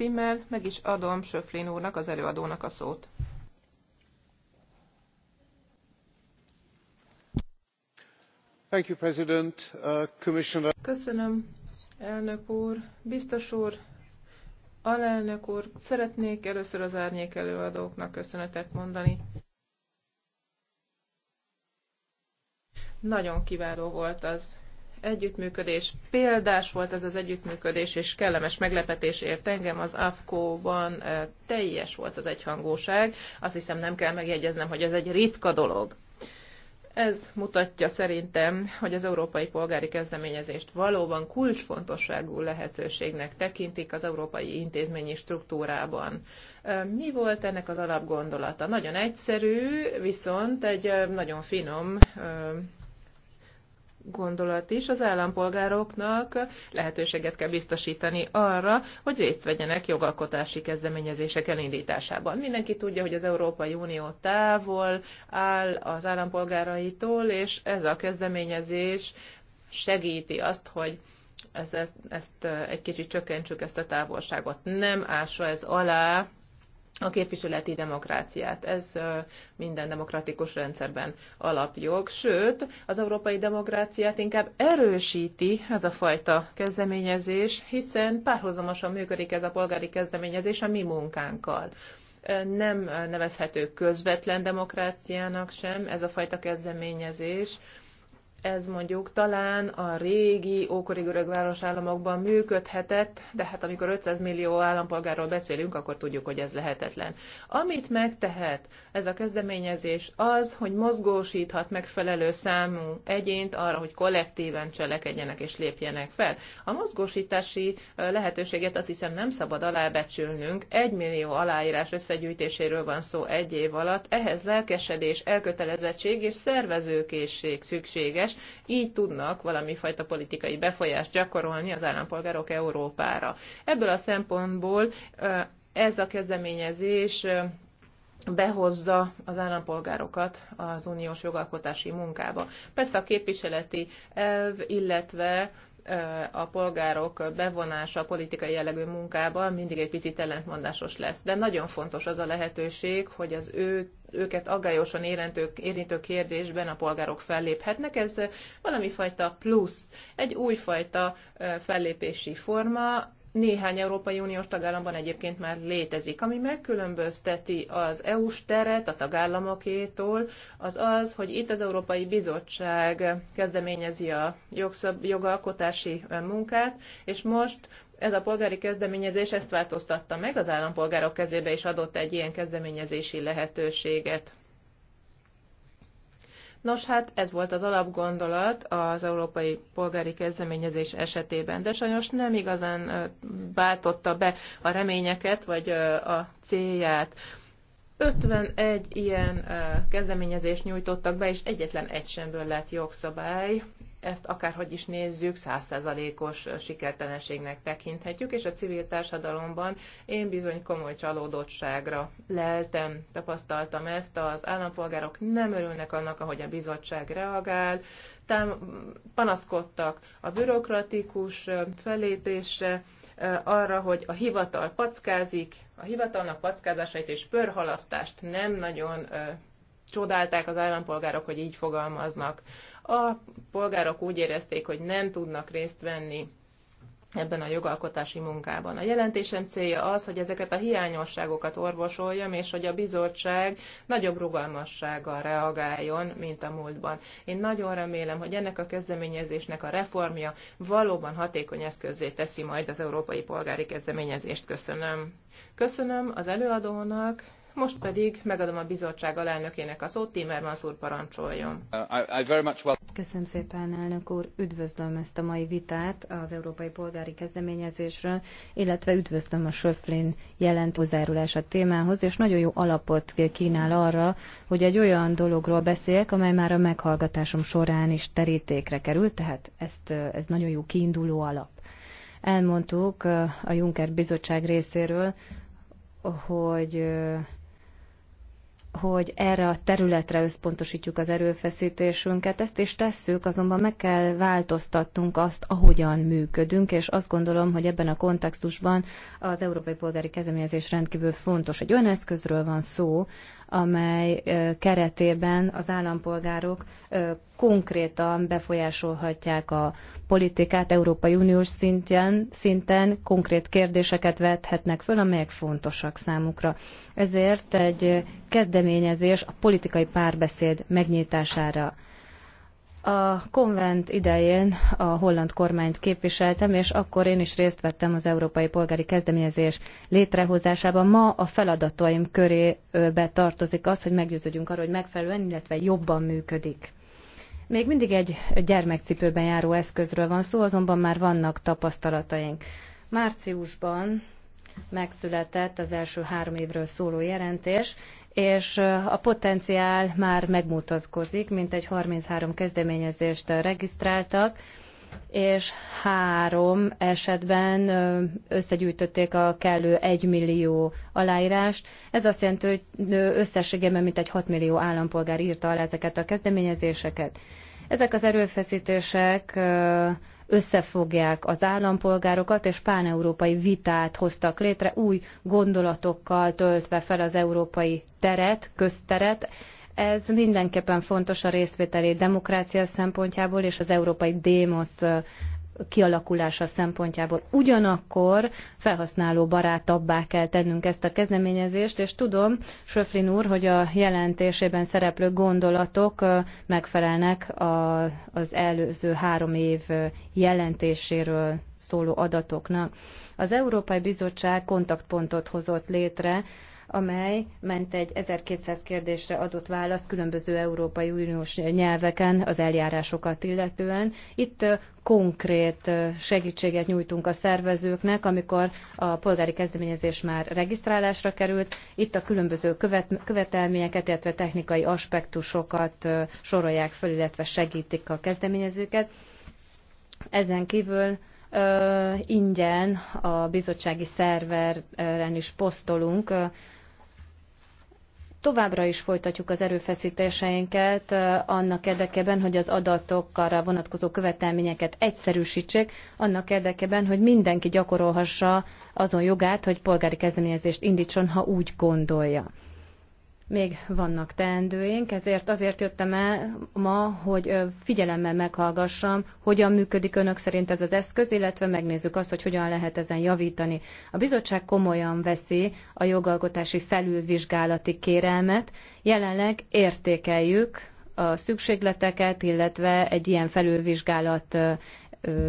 címmel meg is adom Söflén úrnak, az előadónak a szót. Thank you, President, uh, Commissioner. Köszönöm, elnök úr, biztos úr, alelnök úr. Szeretnék először az árnyék előadóknak köszönetet mondani. Nagyon kiváló volt az együttműködés. Példás volt ez az együttműködés, és kellemes meglepetés ért engem. Az AFKO-ban teljes volt az egyhangúság. Azt hiszem nem kell megjegyeznem, hogy ez egy ritka dolog. Ez mutatja szerintem, hogy az európai polgári kezdeményezést valóban kulcsfontosságú lehetőségnek tekintik az európai intézményi struktúrában. Mi volt ennek az alapgondolata? Nagyon egyszerű, viszont egy nagyon finom gondolat is, az állampolgároknak lehetőséget kell biztosítani arra, hogy részt vegyenek jogalkotási kezdeményezések elindításában. Mindenki tudja, hogy az Európai Unió távol áll az állampolgáraitól, és ez a kezdeményezés segíti azt, hogy ezt, ezt, ezt egy kicsit csökkentsük ezt a távolságot. Nem ássa ez alá a képviseleti demokráciát. Ez minden demokratikus rendszerben alapjog, sőt, az európai demokráciát inkább erősíti ez a fajta kezdeményezés, hiszen párhuzamosan működik ez a polgári kezdeményezés a mi munkánkkal nem nevezhető közvetlen demokráciának sem ez a fajta kezdeményezés, ez mondjuk talán a régi, ókori görög városállamokban működhetett, de hát amikor 500 millió állampolgárról beszélünk, akkor tudjuk, hogy ez lehetetlen. Amit megtehet ez a kezdeményezés az, hogy mozgósíthat megfelelő számú egyént arra, hogy kollektíven cselekedjenek és lépjenek fel. A mozgósítási lehetőséget azt hiszem nem szabad alábecsülnünk. Egy millió aláírás összegyűjtéséről van szó egy év alatt. Ehhez lelkesedés, elkötelezettség és szervezőkészség szükséges befolyás, így tudnak valami fajta politikai befolyást gyakorolni az állampolgárok Európára. Ebből a szempontból ez a kezdeményezés behozza az állampolgárokat az uniós jogalkotási munkába. Persze a képviseleti elv, illetve a polgárok bevonása a politikai jellegű munkába mindig egy picit ellentmondásos lesz. De nagyon fontos az a lehetőség, hogy az ő, őket aggályosan érintő, érintő kérdésben a polgárok felléphetnek. Ez valami fajta plusz, egy újfajta fellépési forma, néhány Európai Uniós tagállamban egyébként már létezik. Ami megkülönbözteti az EU-s teret a tagállamokétól, az az, hogy itt az Európai Bizottság kezdeményezi a jogszab- jogalkotási munkát, és most ez a polgári kezdeményezés ezt változtatta meg, az állampolgárok kezébe is adott egy ilyen kezdeményezési lehetőséget. Nos, hát ez volt az alapgondolat az európai polgári kezdeményezés esetében, de sajnos nem igazán váltotta be a reményeket, vagy a célját. 51 ilyen kezdeményezést nyújtottak be, és egyetlen egy semből lett jogszabály ezt akárhogy is nézzük, százszerzalékos sikertelenségnek tekinthetjük, és a civil társadalomban én bizony komoly csalódottságra leltem, tapasztaltam ezt, az állampolgárok nem örülnek annak, ahogy a bizottság reagál, tám- panaszkodtak a bürokratikus felépésre, arra, hogy a hivatal packázik, a hivatalnak packázásait és pörhalasztást nem nagyon csodálták az állampolgárok, hogy így fogalmaznak. A polgárok úgy érezték, hogy nem tudnak részt venni ebben a jogalkotási munkában. A jelentésem célja az, hogy ezeket a hiányosságokat orvosoljam, és hogy a bizottság nagyobb rugalmassággal reagáljon, mint a múltban. Én nagyon remélem, hogy ennek a kezdeményezésnek a reformja valóban hatékony eszközé teszi majd az európai polgári kezdeményezést. Köszönöm. Köszönöm az előadónak, most pedig megadom a bizottság alelnökének a szót, Timmermans úr parancsoljon. Uh, Köszönöm szépen, elnök úr. Üdvözlöm ezt a mai vitát az Európai Polgári Kezdeményezésről, illetve üdvözlöm a Söflin jelent hozzájárulás a témához, és nagyon jó alapot kínál arra, hogy egy olyan dologról beszéljek, amely már a meghallgatásom során is terítékre került, tehát ezt, uh, ez nagyon jó kiinduló alap. Elmondtuk uh, a Juncker Bizottság részéről, hogy hogy erre a területre összpontosítjuk az erőfeszítésünket. Ezt is tesszük, azonban meg kell változtatnunk azt, ahogyan működünk, és azt gondolom, hogy ebben a kontextusban az Európai Polgári Kezdeményezés rendkívül fontos. Egy olyan eszközről van szó, amely keretében az állampolgárok konkrétan befolyásolhatják a politikát Európai Uniós szinten, szinten konkrét kérdéseket vethetnek föl, amelyek fontosak számukra. Ezért egy kezdeményezés a politikai párbeszéd megnyitására a konvent idején a holland kormányt képviseltem, és akkor én is részt vettem az Európai Polgári Kezdeményezés létrehozásában. Ma a feladataim körébe tartozik az, hogy meggyőződjünk arról, hogy megfelelően, illetve jobban működik. Még mindig egy gyermekcipőben járó eszközről van szó, azonban már vannak tapasztalataink. Márciusban megszületett az első három évről szóló jelentés, és a potenciál már megmutatkozik, mint egy 33 kezdeményezést regisztráltak, és három esetben összegyűjtötték a kellő 1 millió aláírást. Ez azt jelenti, hogy összességében mintegy 6 millió állampolgár írta alá ezeket a kezdeményezéseket. Ezek az erőfeszítések összefogják az állampolgárokat, és páneurópai vitát hoztak létre, új gondolatokkal töltve fel az európai teret, közteret. Ez mindenképpen fontos a részvételi demokrácia szempontjából és az európai démosz kialakulása szempontjából. Ugyanakkor felhasználó barátabbá kell tennünk ezt a kezdeményezést, és tudom, Söflin úr, hogy a jelentésében szereplő gondolatok megfelelnek a, az előző három év jelentéséről szóló adatoknak. Az Európai Bizottság kontaktpontot hozott létre amely ment egy 1200 kérdésre adott választ különböző Európai Uniós nyelveken az eljárásokat illetően. Itt konkrét segítséget nyújtunk a szervezőknek, amikor a polgári kezdeményezés már regisztrálásra került. Itt a különböző követ, követelményeket, illetve technikai aspektusokat sorolják föl, illetve segítik a kezdeményezőket. Ezen kívül ingyen a bizottsági szerveren is posztolunk Továbbra is folytatjuk az erőfeszítéseinket annak érdekében, hogy az adatokra vonatkozó követelményeket egyszerűsítsék, annak érdekében, hogy mindenki gyakorolhassa azon jogát, hogy polgári kezdeményezést indítson, ha úgy gondolja. Még vannak teendőink, ezért azért jöttem el ma, hogy figyelemmel meghallgassam, hogyan működik önök szerint ez az eszköz, illetve megnézzük azt, hogy hogyan lehet ezen javítani. A bizottság komolyan veszi a jogalkotási felülvizsgálati kérelmet. Jelenleg értékeljük a szükségleteket, illetve egy ilyen felülvizsgálat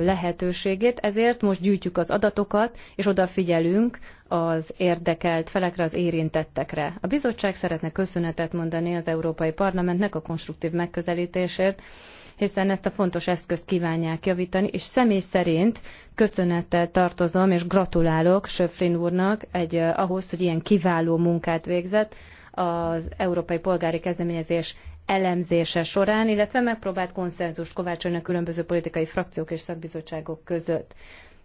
lehetőségét, ezért most gyűjtjük az adatokat, és odafigyelünk az érdekelt felekre, az érintettekre. A bizottság szeretne köszönetet mondani az Európai Parlamentnek a konstruktív megközelítésért, hiszen ezt a fontos eszközt kívánják javítani, és személy szerint köszönettel tartozom, és gratulálok Söfrin úrnak egy, ahhoz, hogy ilyen kiváló munkát végzett az Európai Polgári Kezdeményezés elemzése során, illetve megpróbált konszenzust kovácsolni a különböző politikai frakciók és szakbizottságok között.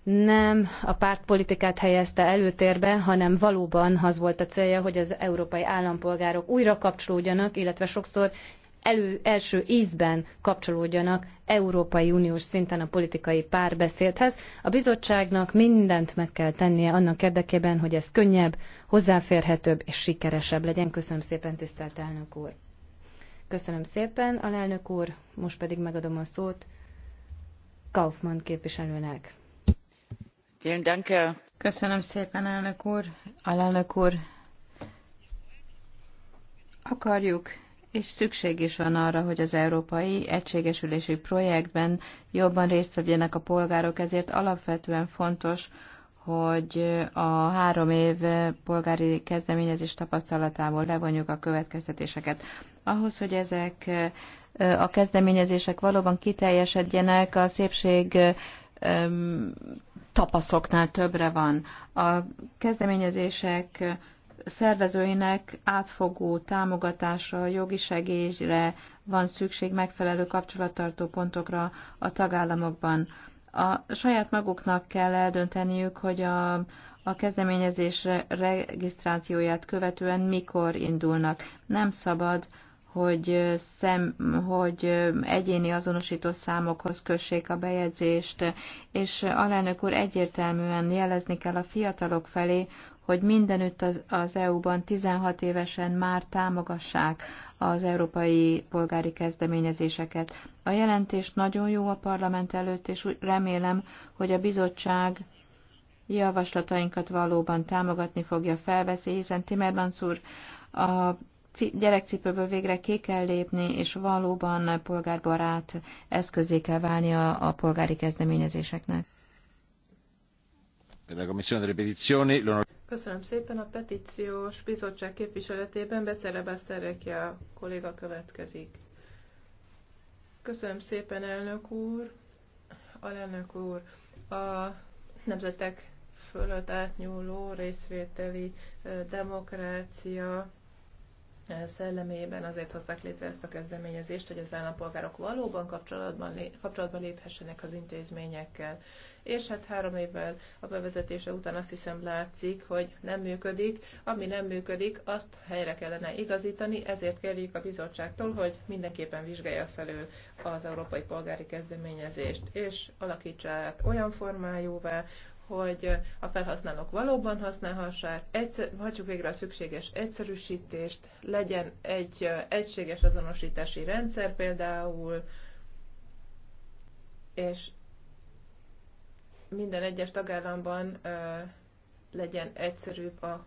Nem a pártpolitikát helyezte előtérbe, hanem valóban az volt a célja, hogy az európai állampolgárok újra kapcsolódjanak, illetve sokszor elő, első ízben kapcsolódjanak Európai Uniós szinten a politikai párbeszédhez. A bizottságnak mindent meg kell tennie annak érdekében, hogy ez könnyebb, hozzáférhetőbb és sikeresebb legyen. Köszönöm szépen, tisztelt elnök úr! Köszönöm szépen, alelnök úr, most pedig megadom a szót Kaufmann képviselőnek. Köszönöm szépen, elnök úr, alelnök úr. Akarjuk, és szükség is van arra, hogy az európai egységesülési projektben jobban részt vegyenek a polgárok, ezért alapvetően fontos, hogy a három év polgári kezdeményezés tapasztalatából levonjuk a következtetéseket. Ahhoz, hogy ezek a kezdeményezések valóban kiteljesedjenek, a szépség tapaszoknál többre van. A kezdeményezések szervezőinek átfogó támogatásra, jogi segélyre van szükség megfelelő kapcsolattartó pontokra a tagállamokban. A saját maguknak kell eldönteniük, hogy a, a kezdeményezés regisztrációját követően mikor indulnak. Nem szabad, hogy, szem, hogy egyéni azonosító számokhoz kössék a bejegyzést, és alelnök úr egyértelműen jelezni kell a fiatalok felé, hogy mindenütt az, az EU-ban 16 évesen már támogassák az európai polgári kezdeményezéseket. A jelentés nagyon jó a parlament előtt, és úgy remélem, hogy a bizottság javaslatainkat valóban támogatni fogja, felveszi, hiszen Timmermans úr a gyerekcipőből végre ki kell lépni, és valóban polgárbarát eszközé kell válni a, a polgári kezdeményezéseknek. Köszönöm szépen. A petíciós bizottság képviseletében Becele a kolléga következik. Köszönöm szépen, elnök úr. Alelnök úr, a nemzetek fölött átnyúló részvételi demokrácia szellemében azért hozták létre ezt a kezdeményezést, hogy az állampolgárok valóban kapcsolatban, lé- kapcsolatban léphessenek az intézményekkel. És hát három évvel a bevezetése után azt hiszem látszik, hogy nem működik. Ami nem működik, azt helyre kellene igazítani, ezért kérjük a bizottságtól, hogy mindenképpen vizsgálja felül az európai polgári kezdeményezést, és alakítsa át olyan formájúvá, hogy a felhasználók valóban használhassák, egyszer, hagyjuk végre a szükséges egyszerűsítést, legyen egy egységes azonosítási rendszer például, és minden egyes tagállamban legyen egyszerűbb a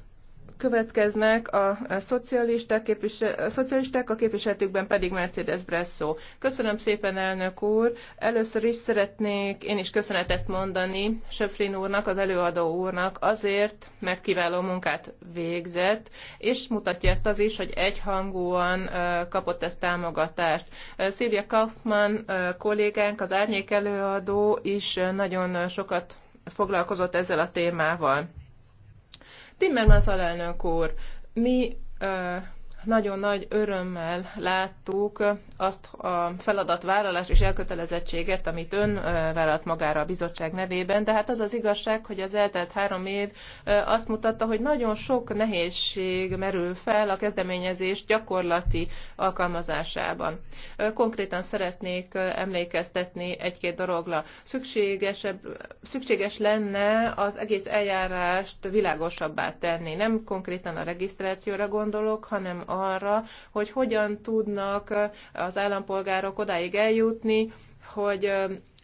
következnek a, a, szocialisták, képvisel, a szocialisták, a képviseletükben pedig Mercedes Bresso. Köszönöm szépen, elnök úr! Először is szeretnék én is köszönetet mondani Söflin úrnak, az előadó úrnak azért, mert kiváló munkát végzett, és mutatja ezt az is, hogy egyhangúan kapott ezt támogatást. Szilvia Kaufmann kollégánk, az árnyék előadó is nagyon sokat foglalkozott ezzel a témával. Timmermans alelnök úr, mi nagyon nagy örömmel láttuk azt a feladatvállalás és elkötelezettséget, amit ön vállalt magára a bizottság nevében, de hát az az igazság, hogy az eltelt három év azt mutatta, hogy nagyon sok nehézség merül fel a kezdeményezés gyakorlati alkalmazásában. Konkrétan szeretnék emlékeztetni egy-két dologra. szükséges lenne az egész eljárást világosabbá tenni. Nem konkrétan a regisztrációra gondolok, hanem arra, hogy hogyan tudnak az állampolgárok odáig eljutni, hogy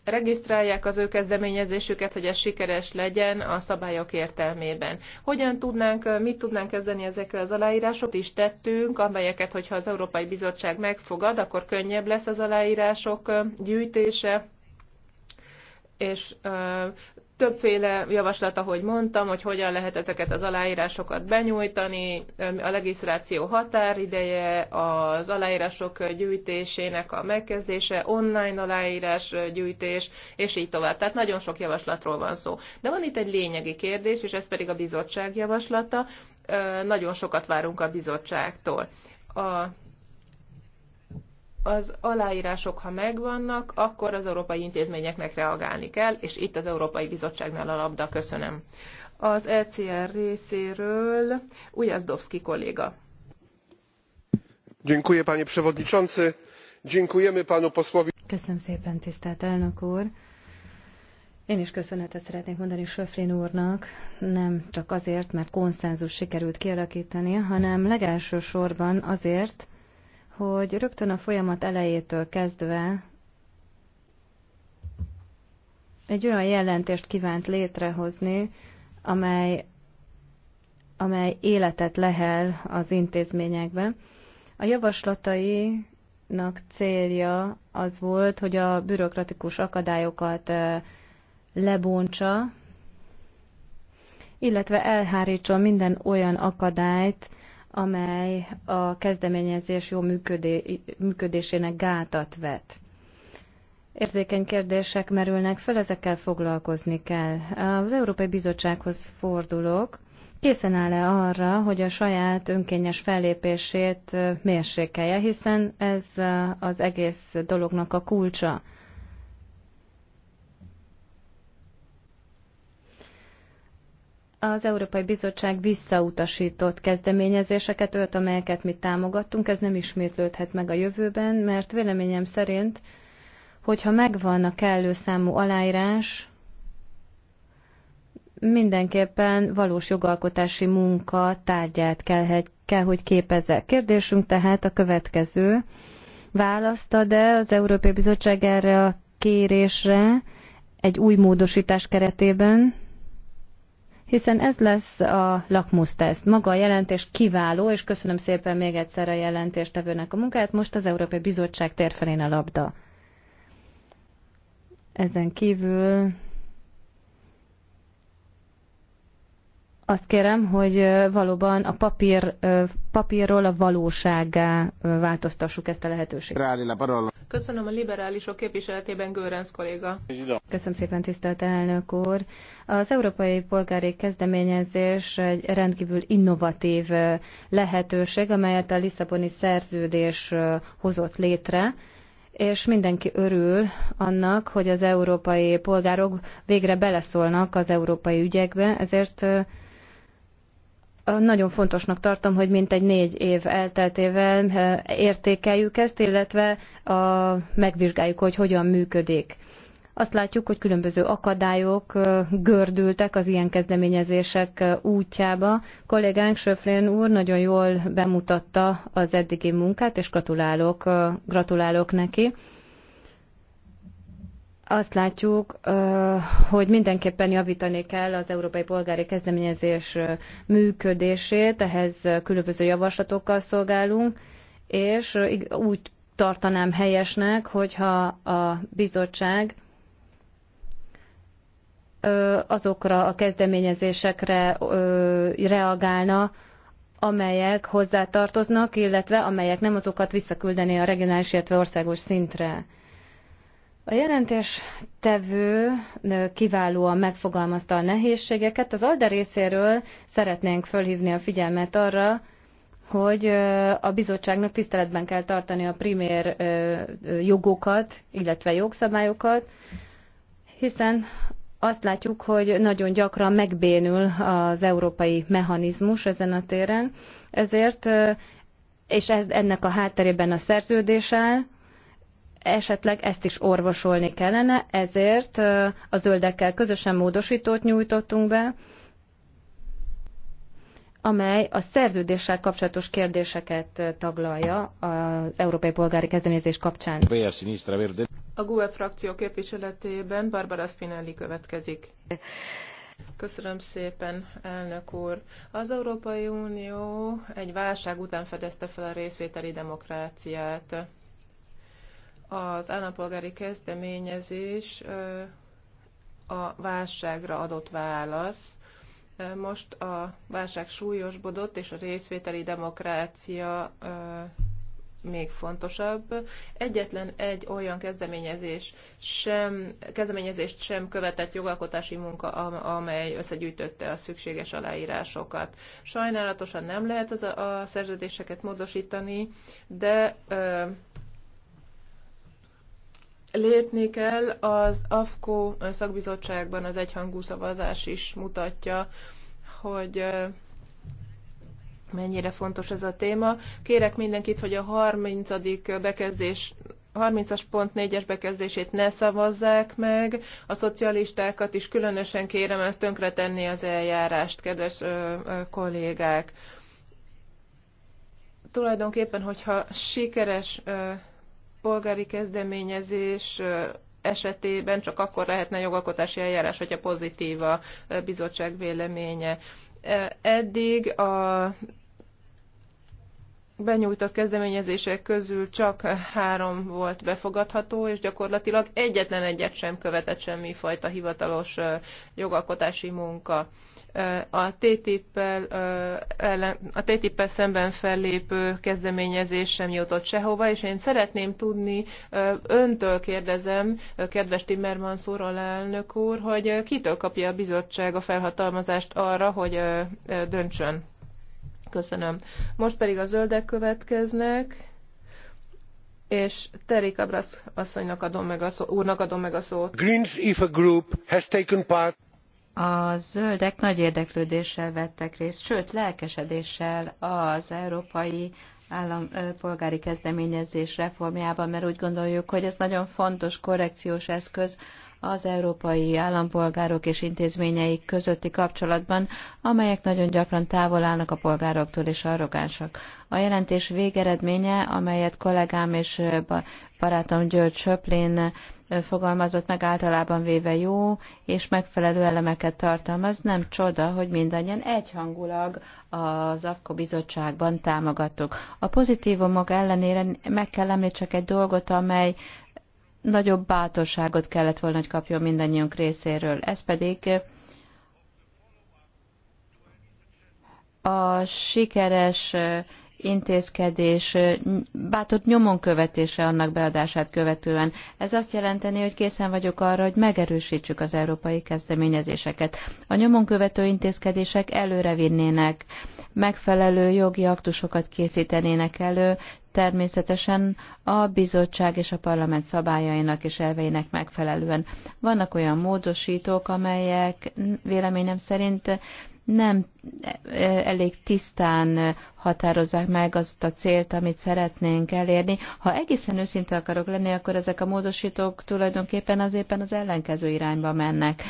regisztrálják az ő kezdeményezésüket, hogy ez sikeres legyen a szabályok értelmében. Hogyan tudnánk, mit tudnánk kezdeni ezekkel az aláírásokat Is tettünk, amelyeket, hogyha az Európai Bizottság megfogad, akkor könnyebb lesz az aláírások gyűjtése, és Többféle javaslat, ahogy mondtam, hogy hogyan lehet ezeket az aláírásokat benyújtani, a legisztráció határideje, az aláírások gyűjtésének a megkezdése, online aláírás gyűjtés, és így tovább. Tehát nagyon sok javaslatról van szó. De van itt egy lényegi kérdés, és ez pedig a bizottság javaslata. Nagyon sokat várunk a bizottságtól a az aláírások, ha megvannak, akkor az európai intézményeknek reagálni kell, és itt az Európai Bizottságnál a labda. Köszönöm. Az ECR részéről Ujazdowski kolléga. Dziękuję, panie przewodniczący. Dziękujemy panu posłowi. Köszönöm szépen, tisztelt elnök úr. Én is köszönetet szeretnék mondani Söflin úrnak, nem csak azért, mert konszenzus sikerült kialakítani, hanem legelső sorban azért, hogy rögtön a folyamat elejétől kezdve egy olyan jelentést kívánt létrehozni, amely, amely életet lehel az intézményekben. A javaslatainak célja az volt, hogy a bürokratikus akadályokat lebontsa, illetve elhárítson minden olyan akadályt, amely a kezdeményezés jó működésének gátat vet. Érzékeny kérdések merülnek fel, ezekkel foglalkozni kell. Az Európai Bizottsághoz fordulok. Készen áll-e arra, hogy a saját önkényes fellépését mérsékelje, hiszen ez az egész dolognak a kulcsa. az Európai Bizottság visszautasított kezdeményezéseket, olyat, amelyeket mi támogattunk, ez nem ismétlődhet meg a jövőben, mert véleményem szerint, hogyha megvan a kellő számú aláírás, mindenképpen valós jogalkotási munka tárgyát kell, kell hogy képezze. Kérdésünk tehát a következő. Választ de az Európai Bizottság erre a kérésre egy új módosítás keretében? hiszen ez lesz a lakmuszteszt. Maga a jelentés kiváló, és köszönöm szépen még egyszer a jelentéstevőnek a munkáját. Most az Európai Bizottság tér felén a labda. Ezen kívül azt kérem, hogy valóban a papír, papírról a valósággá változtassuk ezt a lehetőséget. Köszönöm a liberálisok képviseletében Görenc kolléga. Köszönöm szépen, tisztelt elnök úr. Az Európai Polgári Kezdeményezés egy rendkívül innovatív lehetőség, amelyet a Lisszaboni szerződés hozott létre és mindenki örül annak, hogy az európai polgárok végre beleszólnak az európai ügyekbe, ezért nagyon fontosnak tartom, hogy mintegy négy év elteltével eh, értékeljük ezt, illetve a, megvizsgáljuk, hogy hogyan működik. Azt látjuk, hogy különböző akadályok eh, gördültek az ilyen kezdeményezések eh, útjába. Kollégánk Söflén úr nagyon jól bemutatta az eddigi munkát, és gratulálok, gratulálok neki azt látjuk, hogy mindenképpen javítani kell az európai polgári kezdeményezés működését, ehhez különböző javaslatokkal szolgálunk, és úgy tartanám helyesnek, hogyha a bizottság azokra a kezdeményezésekre reagálna, amelyek hozzátartoznak, illetve amelyek nem azokat visszaküldené a regionális, illetve országos szintre. A jelentés tevő kiválóan megfogalmazta a nehézségeket. Az ALDE részéről szeretnénk fölhívni a figyelmet arra, hogy a bizottságnak tiszteletben kell tartani a primér jogokat, illetve jogszabályokat, hiszen azt látjuk, hogy nagyon gyakran megbénül az európai mechanizmus ezen a téren, ezért, és ez, ennek a hátterében a szerződés áll, esetleg ezt is orvosolni kellene, ezért a zöldekkel közösen módosítót nyújtottunk be, amely a szerződéssel kapcsolatos kérdéseket taglalja az Európai Polgári Kezdeményezés kapcsán. A GUE frakció képviseletében Barbara Spinelli következik. Köszönöm szépen, elnök úr. Az Európai Unió egy válság után fedezte fel a részvételi demokráciát az állampolgári kezdeményezés a válságra adott válasz. Most a válság súlyosbodott, és a részvételi demokrácia még fontosabb. Egyetlen egy olyan kezdeményezés sem, kezdeményezést sem követett jogalkotási munka, amely összegyűjtötte a szükséges aláírásokat. Sajnálatosan nem lehet az a, a szerződéseket módosítani, de ö, lépni kell. Az AFKO szakbizottságban az egyhangú szavazás is mutatja, hogy mennyire fontos ez a téma. Kérek mindenkit, hogy a 30. bekezdés 30-as pont 4-es bekezdését ne szavazzák meg, a szocialistákat is különösen kérem ezt tönkretenni az eljárást, kedves ö, ö, kollégák. Tulajdonképpen, hogyha sikeres ö, polgári kezdeményezés esetében csak akkor lehetne jogalkotási eljárás, hogyha pozitív a bizottság véleménye. Eddig a benyújtott kezdeményezések közül csak három volt befogadható, és gyakorlatilag egyetlen egyet sem követett semmifajta hivatalos jogalkotási munka a TTIP-el, a ttip szemben fellépő kezdeményezés sem jutott sehova, és én szeretném tudni, öntől kérdezem, kedves Timmermans úr, elnök úr, hogy kitől kapja a bizottság a felhatalmazást arra, hogy döntsön. Köszönöm. Most pedig a zöldek következnek, és Terry Cabras asszonynak adom meg a szó, úrnak adom meg a szót. Greens if a group has taken part a zöldek nagy érdeklődéssel vettek részt, sőt lelkesedéssel az európai állampolgári kezdeményezés reformjában, mert úgy gondoljuk, hogy ez nagyon fontos korrekciós eszköz az európai állampolgárok és intézményeik közötti kapcsolatban, amelyek nagyon gyakran távol állnak a polgároktól és arrogánsak. A jelentés végeredménye, amelyet kollégám és barátom György Söplén fogalmazott meg általában véve jó és megfelelő elemeket tartalmaz, nem csoda, hogy mindannyian egyhangulag az AFKO bizottságban támogattuk. A pozitívumok ellenére meg kell említsek egy dolgot, amely nagyobb bátorságot kellett volna, hogy kapjon mindannyiunk részéről. Ez pedig a sikeres intézkedés, bátor nyomon követése annak beadását követően. Ez azt jelenteni, hogy készen vagyok arra, hogy megerősítsük az európai kezdeményezéseket. A nyomon követő intézkedések előre vinnének, megfelelő jogi aktusokat készítenének elő, természetesen a bizottság és a parlament szabályainak és elveinek megfelelően. Vannak olyan módosítók, amelyek véleményem szerint nem e, elég tisztán határozzák meg azt a célt, amit szeretnénk elérni. Ha egészen őszinte akarok lenni, akkor ezek a módosítók tulajdonképpen az éppen az ellenkező irányba mennek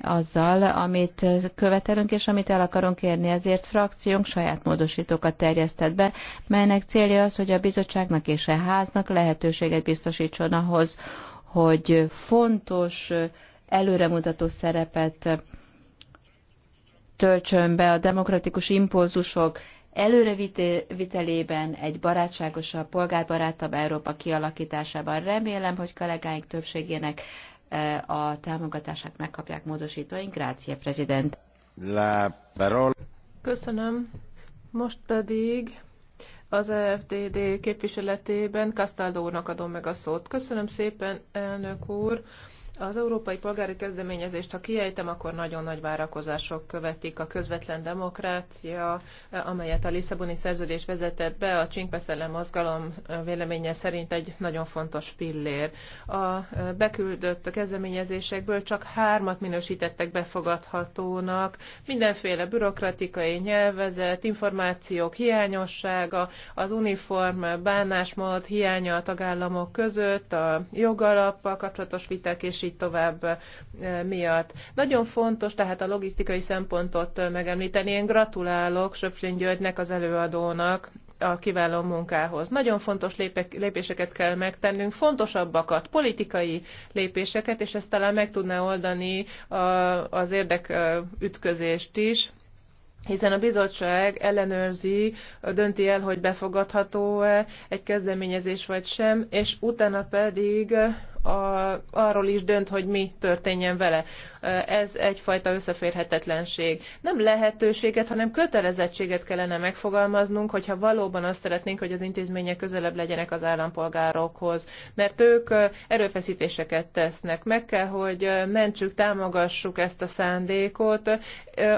azzal, amit követelünk és amit el akarunk érni. Ezért frakciónk saját módosítókat terjesztett be, melynek célja az, hogy a bizottságnak és a háznak lehetőséget biztosítson ahhoz, hogy fontos, előremutató szerepet töltsön be a demokratikus impulzusok előrevitelében egy barátságosabb, polgárbarátabb Európa kialakításában. Remélem, hogy kollégáink többségének E, a támogatását megkapják módosítóink. Grácie, prezident. La parol. Köszönöm. Most pedig az EFDD képviseletében Kastáldónak adom meg a szót. Köszönöm szépen, elnök úr. Az európai polgári kezdeményezést, ha kiejtem, akkor nagyon nagy várakozások követik a közvetlen demokrácia, amelyet a Lisszaboni szerződés vezetett be, a Csinkbeszellem mozgalom véleménye szerint egy nagyon fontos pillér. A beküldött kezdeményezésekből csak hármat minősítettek befogadhatónak, mindenféle bürokratikai nyelvezet, információk hiányossága, az uniform bánásmód hiánya a tagállamok között, a jogalappal kapcsolatos viták és így tovább miatt. Nagyon fontos tehát a logisztikai szempontot megemlíteni. Én gratulálok Söpflin Györgynek, az előadónak, a kiváló munkához. Nagyon fontos lépek, lépéseket kell megtennünk, fontosabbakat, politikai lépéseket, és ezt talán meg tudná oldani a, az érdekütközést is hiszen a bizottság ellenőrzi, dönti el, hogy befogadható-e egy kezdeményezés vagy sem, és utána pedig a, arról is dönt, hogy mi történjen vele. Ez egyfajta összeférhetetlenség. Nem lehetőséget, hanem kötelezettséget kellene megfogalmaznunk, hogyha valóban azt szeretnénk, hogy az intézmények közelebb legyenek az állampolgárokhoz. Mert ők erőfeszítéseket tesznek. Meg kell, hogy mentsük, támogassuk ezt a szándékot,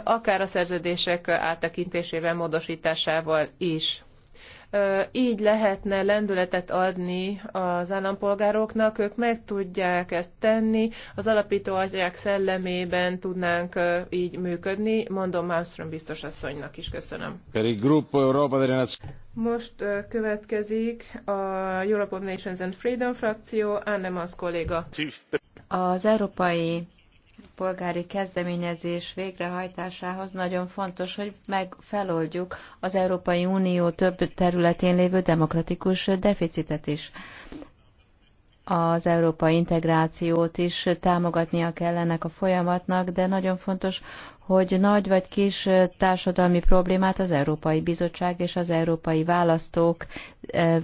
akár a szerződések áttekintésével, módosításával is. Így lehetne lendületet adni az állampolgároknak, ők meg tudják ezt tenni, az alapító atyák szellemében tudnánk így működni. Mondom Malmström biztos asszonynak is köszönöm. Most következik a Europe of Nations and Freedom frakció, Anne Mans kolléga. Az európai polgári kezdeményezés végrehajtásához nagyon fontos, hogy megfeloldjuk az Európai Unió több területén lévő demokratikus deficitet is. Az európai integrációt is támogatnia kell ennek a folyamatnak, de nagyon fontos, hogy nagy vagy kis társadalmi problémát az Európai Bizottság és az európai választók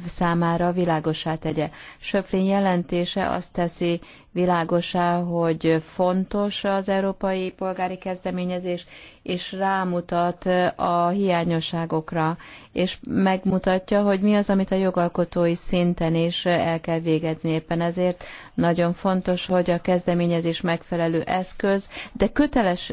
számára világosá tegye. Söflin jelentése azt teszi világosá, hogy fontos az európai polgári kezdeményezés, és rámutat a hiányosságokra, és megmutatja, hogy mi az, amit a jogalkotói szinten is el kell végezni. Éppen ezért nagyon fontos, hogy a kezdeményezés megfelelő eszköz, de köteles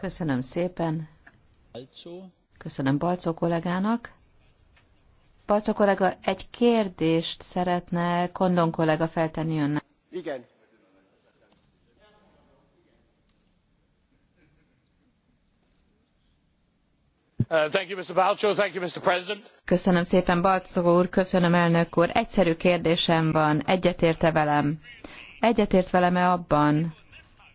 Köszönöm szépen. Köszönöm Balcó kollégának. Balcó kollega egy kérdést szeretne Kondon kollega feltenni önnek. Igen. Uh, köszönöm szépen, Balczó úr, köszönöm, elnök úr. Egyszerű kérdésem van, egyetérte velem. Egyetért velem-e abban,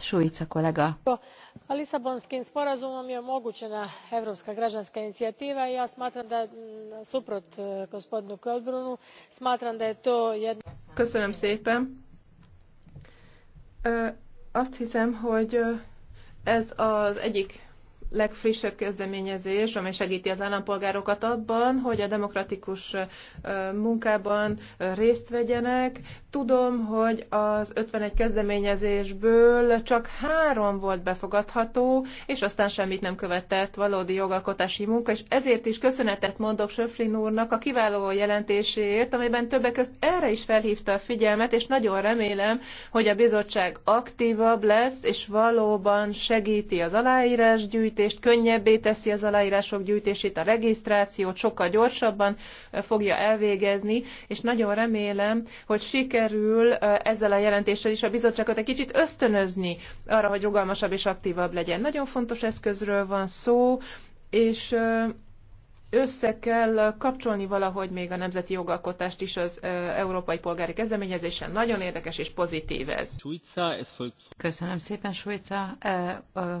Šuica kolega. Lisabonskim sporazumom je omogućena europska građanska inicijativa i ja smatram da mm, suprot gospodinu Kölbrunu, smatram da je to jedna... Köszönöm szépen. azt hiszem, hogy ez az egyik legfrissebb kezdeményezés, amely segíti az állampolgárokat abban, hogy a demokratikus munkában részt vegyenek. Tudom, hogy az 51 kezdeményezésből csak három volt befogadható, és aztán semmit nem követett valódi jogalkotási munka, és ezért is köszönetet mondok Söflin úrnak a kiváló jelentéséért, amelyben többek közt erre is felhívta a figyelmet, és nagyon remélem, hogy a bizottság aktívabb lesz, és valóban segíti az aláírás gyűjtését, gyűjtést, könnyebbé teszi az aláírások gyűjtését, a regisztrációt sokkal gyorsabban fogja elvégezni, és nagyon remélem, hogy sikerül ezzel a jelentéssel is a bizottságot egy kicsit ösztönözni arra, hogy rugalmasabb és aktívabb legyen. Nagyon fontos eszközről van szó, és össze kell kapcsolni valahogy még a nemzeti jogalkotást is az európai polgári kezdeményezésen. Nagyon érdekes és pozitív ez. Köszönöm szépen, Sujca.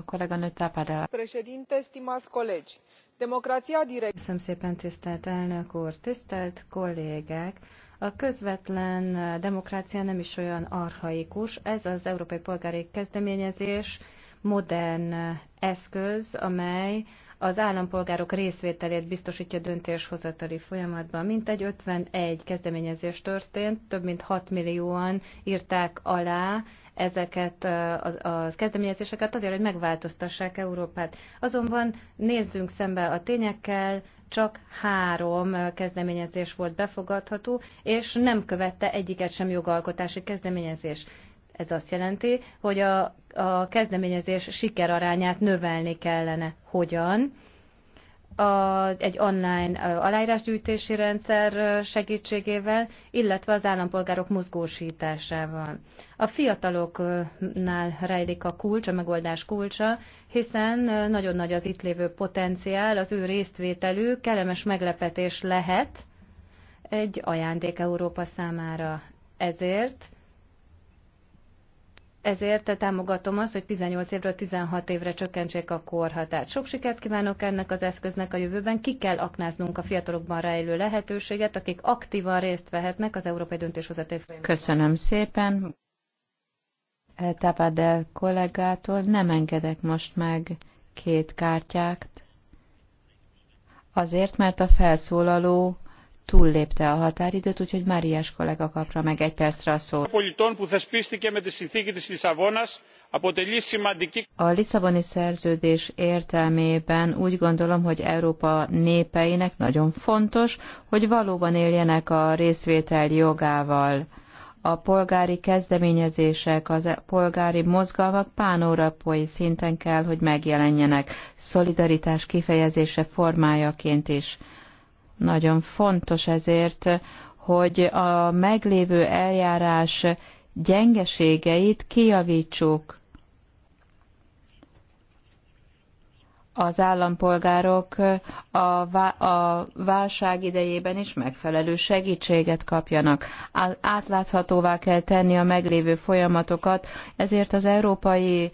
Kolléganő Tápádela. Președinte, stimați colegi. Democrația direct... Köszönöm szépen, tisztelt elnök úr, tisztelt kollégák. A közvetlen demokrácia nem is olyan arhaikus. Ez az európai polgári kezdeményezés modern eszköz, amely az állampolgárok részvételét biztosítja döntéshozatali folyamatban. Mintegy 51 kezdeményezés történt, több mint 6 millióan írták alá ezeket az, az kezdeményezéseket azért, hogy megváltoztassák Európát. Azonban nézzünk szembe a tényekkel, csak három kezdeményezés volt befogadható, és nem követte egyiket sem jogalkotási kezdeményezés. Ez azt jelenti, hogy a, a kezdeményezés sikerarányát növelni kellene. Hogyan? a, egy online aláírásgyűjtési rendszer segítségével, illetve az állampolgárok mozgósításával. A fiataloknál rejlik a kulcs, a megoldás kulcsa, hiszen nagyon nagy az itt lévő potenciál, az ő résztvételük kellemes meglepetés lehet egy ajándék Európa számára. Ezért ezért támogatom azt, hogy 18 évről 16 évre csökkentsék a korhatárt. Sok sikert kívánok ennek az eszköznek a jövőben. Ki kell aknáznunk a fiatalokban rejlő lehetőséget, akik aktívan részt vehetnek az európai döntéshozatai folyamatban. Köszönöm szépen. Eh, Tapadel kollégától nem engedek most meg két kártyát, azért, mert a felszólaló túllépte a határidőt, úgyhogy Máriás kollega kapra meg egy percre a szót. A Lisszaboni szerződés értelmében úgy gondolom, hogy Európa népeinek nagyon fontos, hogy valóban éljenek a részvétel jogával. A polgári kezdeményezések, a polgári mozgalmak pánórapói szinten kell, hogy megjelenjenek, szolidaritás kifejezése formájaként is nagyon fontos ezért, hogy a meglévő eljárás gyengeségeit kijavítsuk. Az állampolgárok a, vá- a válság idejében is megfelelő segítséget kapjanak. Átláthatóvá kell tenni a meglévő folyamatokat, ezért az európai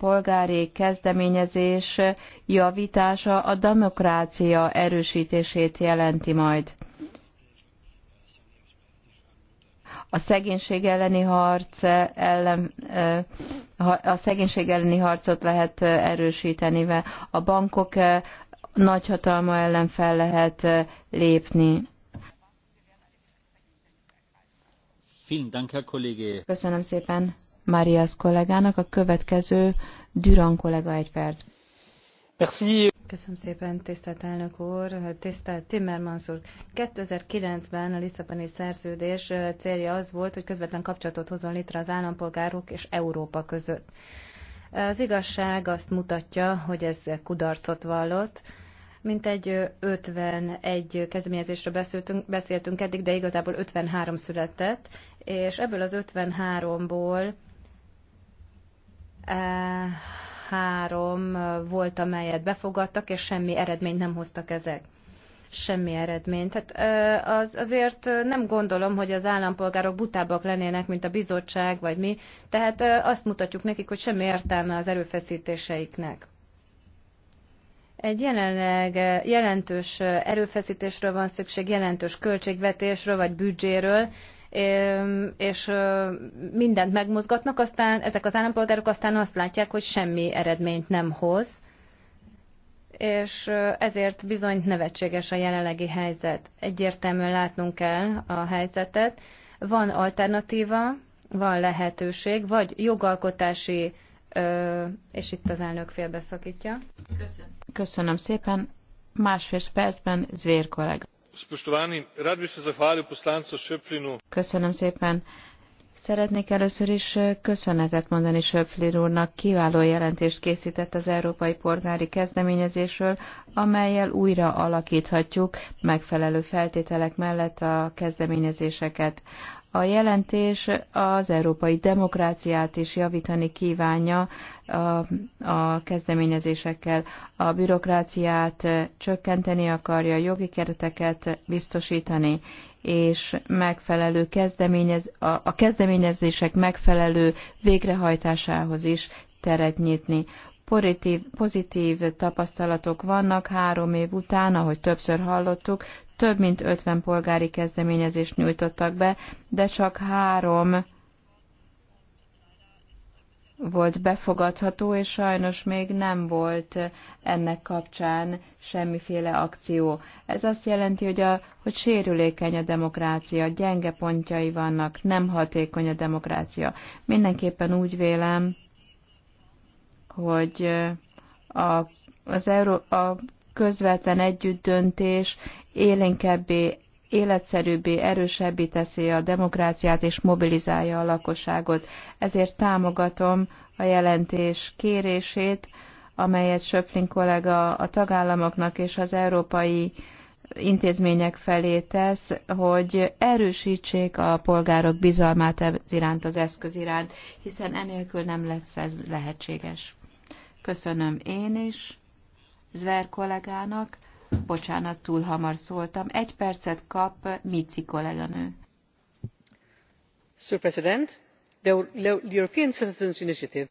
polgári kezdeményezés javítása a demokrácia erősítését jelenti majd. A szegénység elleni harc ellen, a szegénység elleni harcot lehet erősíteni, a bankok nagyhatalma ellen fel lehet lépni. Köszönöm szépen. Marias kollégának, a következő Duran kollega egy perc. Merci. Köszönöm szépen, tisztelt elnök úr, tisztelt Timmermans úr. 2009-ben a Lisszaboni szerződés célja az volt, hogy közvetlen kapcsolatot hozzon létre az állampolgárok és Európa között. Az igazság azt mutatja, hogy ez kudarcot vallott, mint egy 51 kezdeményezésről beszéltünk, beszéltünk eddig, de igazából 53 született, és ebből az 53-ból E, három volt, amelyet befogadtak, és semmi eredményt nem hoztak ezek. Semmi eredményt. Tehát e, az, azért nem gondolom, hogy az állampolgárok butábbak lennének, mint a bizottság, vagy mi. Tehát e, azt mutatjuk nekik, hogy semmi értelme az erőfeszítéseiknek. Egy jelenleg jelentős erőfeszítésről van szükség, jelentős költségvetésről, vagy büdzséről, és mindent megmozgatnak, aztán ezek az állampolgárok aztán azt látják, hogy semmi eredményt nem hoz, és ezért bizony nevetséges a jelenlegi helyzet. Egyértelműen látnunk kell a helyzetet. Van alternatíva, van lehetőség, vagy jogalkotási, és itt az elnök félbeszakítja. Köszönöm. Köszönöm szépen. Másfél percben Zvér kollega. Köszönöm szépen. Szeretnék először is eh, köszönetet mondani Söpflir úrnak, kiváló jelentést készített az Európai Polgári Kezdeményezésről, amelyel újra alakíthatjuk megfelelő feltételek mellett a kezdeményezéseket. A jelentés az európai demokráciát is javítani kívánja a, a kezdeményezésekkel. A bürokráciát csökkenteni akarja, jogi kereteket biztosítani, és megfelelő kezdeményez, a, a kezdeményezések megfelelő végrehajtásához is teret nyitni pozitív, pozitív tapasztalatok vannak három év után, ahogy többször hallottuk, több mint 50 polgári kezdeményezést nyújtottak be, de csak három volt befogadható, és sajnos még nem volt ennek kapcsán semmiféle akció. Ez azt jelenti, hogy, a, hogy sérülékeny a demokrácia, gyenge pontjai vannak, nem hatékony a demokrácia. Mindenképpen úgy vélem, hogy a, az Euró, a közvetlen együttdöntés élénkebbé, életszerűbbé, erősebbé teszi a demokráciát és mobilizálja a lakosságot. Ezért támogatom a jelentés kérését, amelyet Söpflin kollega a tagállamoknak és az európai intézmények felé tesz, hogy erősítsék a polgárok bizalmát ez iránt, az eszköz iránt, hiszen enélkül nem lesz ez lehetséges. Köszönöm én is, Zver kollégának, bocsánat, túl hamar szóltam. Egy percet kap Mici kolléganő. Sir President, the European Citizens Initiative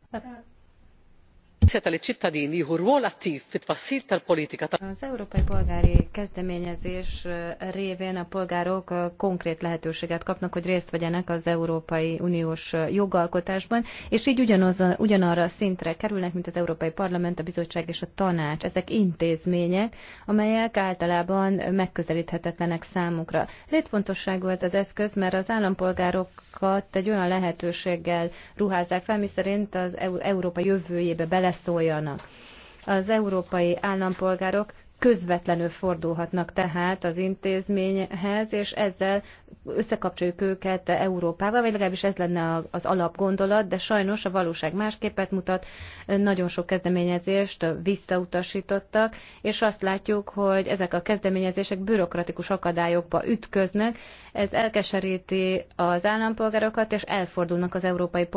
az európai polgári kezdeményezés révén a polgárok konkrét lehetőséget kapnak hogy részt vegyenek az európai uniós jogalkotásban és gy ugyanarra a szintre kerülnek mint az európai parlament a bizottság és a tanács. ezek intézmények amelyek általában megközelíthetetlenek számukra. létfontosságú ez az eszköz mert az állampolgárokat egy olyan lehetőséggel ruházzák fel miszerint az európa jövőjébe beleszólhatnak beleszóljanak. Az európai állampolgárok közvetlenül fordulhatnak tehát az intézményhez, és ezzel összekapcsoljuk őket Európával, vagy legalábbis ez lenne az alapgondolat, de sajnos a valóság másképet mutat, nagyon sok kezdeményezést visszautasítottak, és azt látjuk, hogy ezek a kezdeményezések bürokratikus akadályokba ütköznek, ez elkeseríti az állampolgárokat, és elfordulnak az európai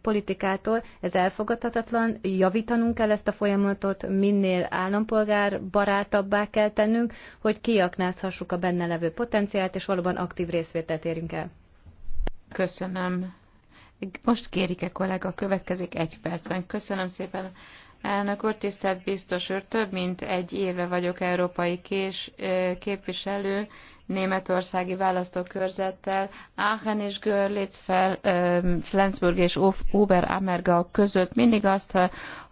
politikától, ez elfogadhatatlan, javítanunk kell ezt a folyamatot, minél állampolgár barát barátabbá kell tennünk, hogy kiaknázhassuk a benne levő potenciált, és valóban aktív részvételt érjünk el. Köszönöm. Most kérik a kollega, következik egy percben. Köszönöm szépen. Elnök úr, tisztelt biztos úr, több mint egy éve vagyok európai kés, képviselő németországi választókörzettel. Aachen és Görlitz, Flensburg és Oberammergau között mindig azt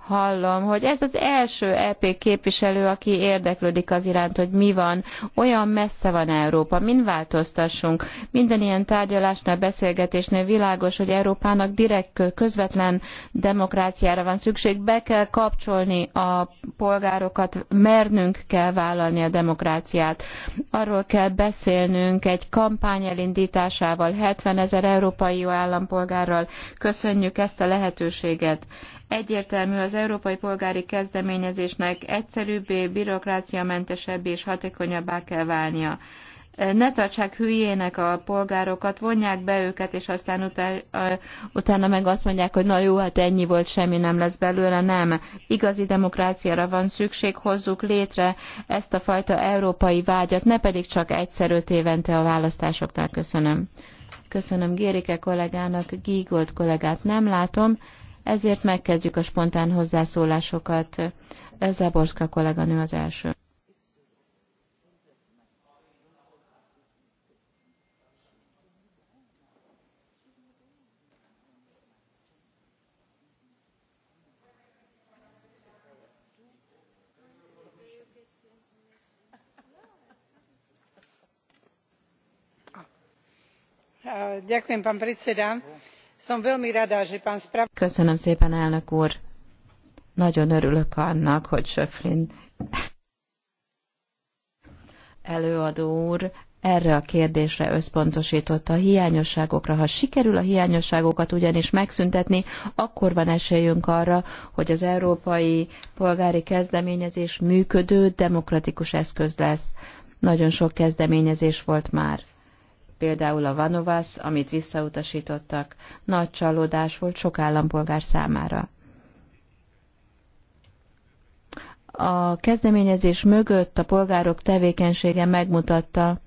hallom, hogy ez az első EP képviselő, aki érdeklődik az iránt, hogy mi van, olyan messze van Európa, min változtassunk. Minden ilyen tárgyalásnál, beszélgetésnél világos, hogy Európának direkt közvetlen demokráciára van szükség, be kell kapcsolni a polgárokat, mernünk kell vállalni a demokráciát. Arról kell beszélnünk egy kampány elindításával, 70 ezer európai állampolgárral. Köszönjük ezt a lehetőséget. Egyértelmű az európai polgári kezdeményezésnek egyszerűbbé, bürokráciamentesebbé és hatékonyabbá kell válnia ne tartsák hülyének a polgárokat, vonják be őket, és aztán utána, utána meg azt mondják, hogy na jó, hát ennyi volt, semmi nem lesz belőle. Nem. Igazi demokráciára van szükség, hozzuk létre ezt a fajta európai vágyat, ne pedig csak egyszer-öt évente a választásoknál. Köszönöm. Köszönöm Gérike kollégának, Gígolt kollégát nem látom ezért megkezdjük a spontán hozzászólásokat. Zaborska kolléganő az első. ďakujem pán predseda Köszönöm szépen, elnök úr. Nagyon örülök annak, hogy Söflin előadó úr erre a kérdésre összpontosította a hiányosságokra. Ha sikerül a hiányosságokat ugyanis megszüntetni, akkor van esélyünk arra, hogy az európai polgári kezdeményezés működő, demokratikus eszköz lesz. Nagyon sok kezdeményezés volt már például a Vanovas, amit visszautasítottak, nagy csalódás volt sok állampolgár számára. A kezdeményezés mögött a polgárok tevékenysége megmutatta,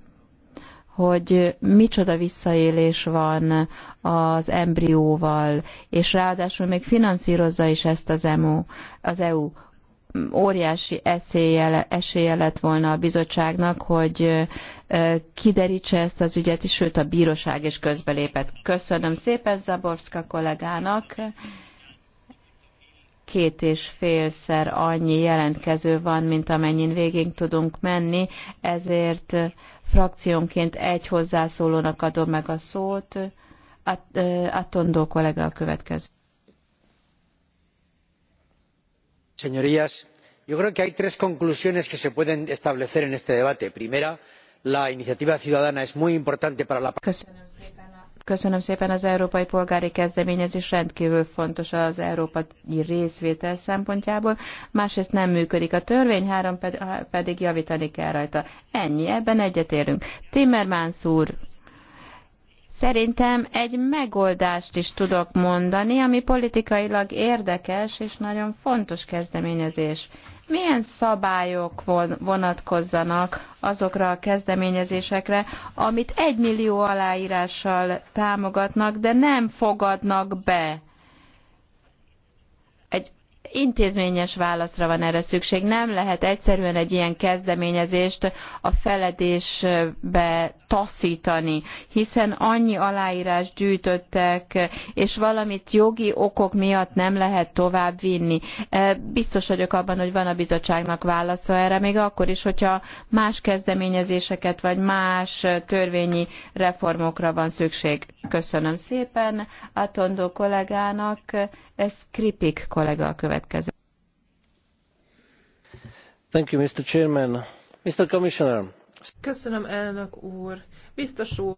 hogy micsoda visszaélés van az embrióval, és ráadásul még finanszírozza is ezt az EU óriási eszélye, esélye lett volna a bizottságnak, hogy kiderítse ezt az ügyet, és sőt a bíróság is közbelépett. Köszönöm szépen Zaborska kollégának. Két és félszer annyi jelentkező van, mint amennyin végén tudunk menni, ezért frakciónként egy hozzászólónak adom meg a szót. Attondó kollega a következő. señorías yo creo que hay tres conclusiones que se pueden establecer en este debate. primera la iniciativa ciudadana es muy importante para la. Köszönöm az európai polgári kezdeményezés, rendkívül fontos az európai Másrészt nem működik a törvény, három pedig javítani kell rajta. Ennyi, ebben egyetérünk. Szerintem egy megoldást is tudok mondani, ami politikailag érdekes és nagyon fontos kezdeményezés. Milyen szabályok vonatkozzanak azokra a kezdeményezésekre, amit egy millió aláírással támogatnak, de nem fogadnak be? Egy intézményes válaszra van erre szükség. Nem lehet egyszerűen egy ilyen kezdeményezést a feledésbe taszítani, hiszen annyi aláírás gyűjtöttek, és valamit jogi okok miatt nem lehet tovább vinni. E, biztos vagyok abban, hogy van a bizottságnak válasza erre, még akkor is, hogyha más kezdeményezéseket vagy más törvényi reformokra van szükség. Köszönöm szépen a kollégának, ez Kripik kollega a következő. Thank you, Mr. Chairman. Mr. Commissioner. Köszönöm, elnök úr. Biztos úr.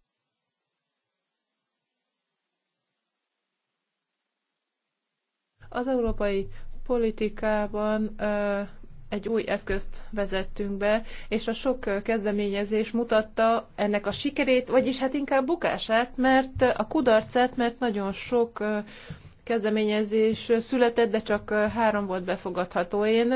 Az európai politikában uh, egy új eszközt vezettünk be, és a sok kezdeményezés mutatta ennek a sikerét, vagyis hát inkább bukását, mert a kudarcát, mert nagyon sok kezdeményezés született, de csak három volt befogadható. Én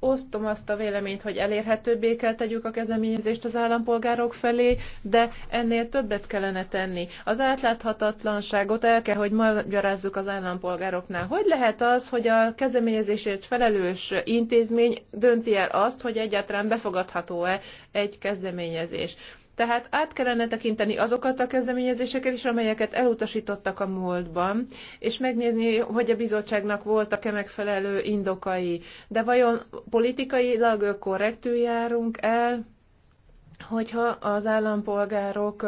Osztom azt a véleményt, hogy elérhetőbbé kell tegyük a kezdeményezést az állampolgárok felé, de ennél többet kellene tenni. Az átláthatatlanságot el kell, hogy magyarázzuk az állampolgároknál. Hogy lehet az, hogy a kezdeményezésért felelős intézmény dönti el azt, hogy egyáltalán befogadható-e egy kezdeményezés? Tehát át kellene tekinteni azokat a kezdeményezéseket is, amelyeket elutasítottak a múltban, és megnézni, hogy a bizottságnak voltak-e megfelelő indokai. De vajon politikailag korrektül járunk el, hogyha az állampolgárok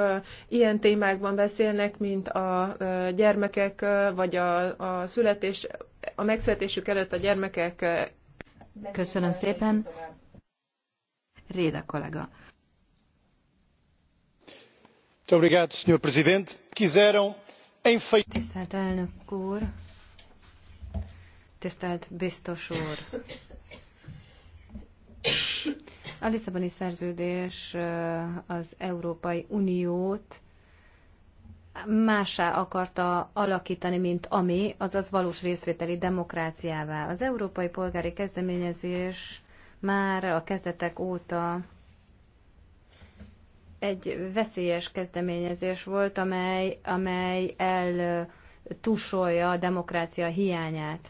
ilyen témákban beszélnek, mint a gyermekek, vagy a, a születés, a megszületésük előtt a gyermekek. Köszönöm szépen. Réda kollega senhor tisztelt elnök úr tisztelt biztos úr! a lisszaboni szerződés az európai uniót mássá akarta alakítani, mint ami, azaz valós részvételi demokráciává. Az európai polgári kezdeményezés már a kezdetek óta egy veszélyes kezdeményezés volt, amely, amely eltusolja a demokrácia hiányát.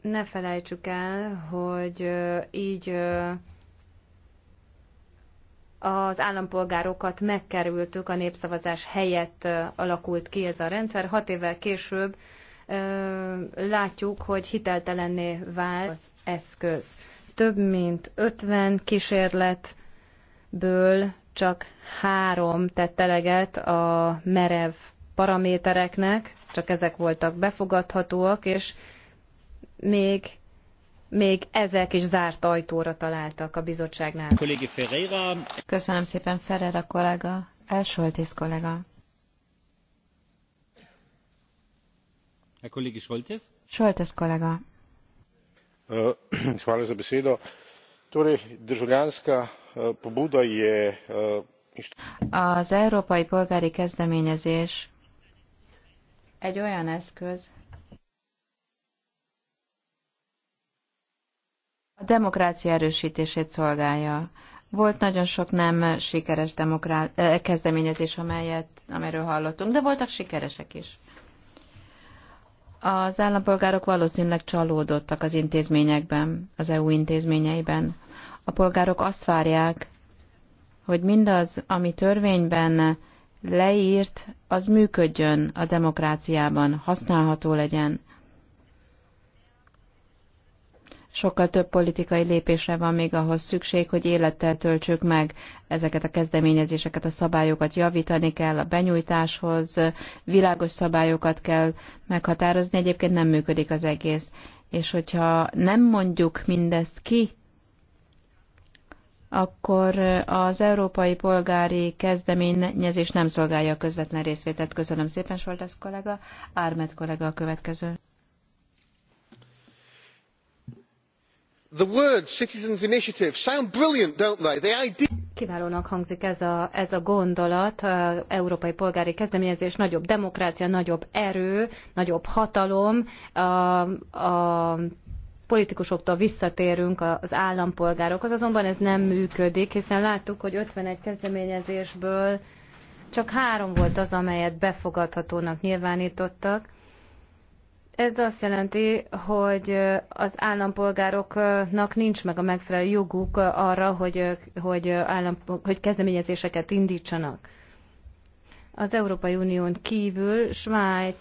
Ne felejtsük el, hogy így az állampolgárokat megkerültük, a népszavazás helyett alakult ki ez a rendszer. Hat évvel később látjuk, hogy hiteltelenné vált az eszköz. Több mint 50 kísérlet ből csak három tett eleget a merev paramétereknek, csak ezek voltak befogadhatóak, és még, még ezek is zárt ajtóra találtak a bizottságnál. Köszönöm szépen Ferreira kollega, Elsoltész kollega. A Soltész? kollega. Hvala za besedo. Torej, državljanska E, az európai polgári kezdeményezés egy olyan eszköz, a demokrácia erősítését szolgálja. Volt nagyon sok nem sikeres demokrá- e, kezdeményezés, amelyet, amelyről hallottunk, de voltak sikeresek is. Az állampolgárok valószínűleg csalódottak az intézményekben, az EU intézményeiben. A polgárok azt várják, hogy mindaz, ami törvényben leírt, az működjön a demokráciában, használható legyen. Sokkal több politikai lépésre van még ahhoz szükség, hogy élettel töltsük meg ezeket a kezdeményezéseket, a szabályokat javítani kell, a benyújtáshoz világos szabályokat kell meghatározni, egyébként nem működik az egész. És hogyha nem mondjuk mindezt ki, akkor az európai polgári kezdeményezés nem szolgálja a közvetlen részvételt. Köszönöm szépen, Soltász kollega. Ármed kollega a következő. The words Citizens Initiative sound brilliant, don't they? The idea... Kiválónak hangzik ez a, ez a gondolat, a európai polgári kezdeményezés, nagyobb demokrácia, nagyobb erő, nagyobb hatalom, a, a politikusoktól visszatérünk az állampolgárokhoz, azonban ez nem működik, hiszen láttuk, hogy 51 kezdeményezésből csak három volt az, amelyet befogadhatónak nyilvánítottak. Ez azt jelenti, hogy az állampolgároknak nincs meg a megfelelő joguk arra, hogy, hogy, állam, hogy kezdeményezéseket indítsanak. Az Európai Unión kívül Svájc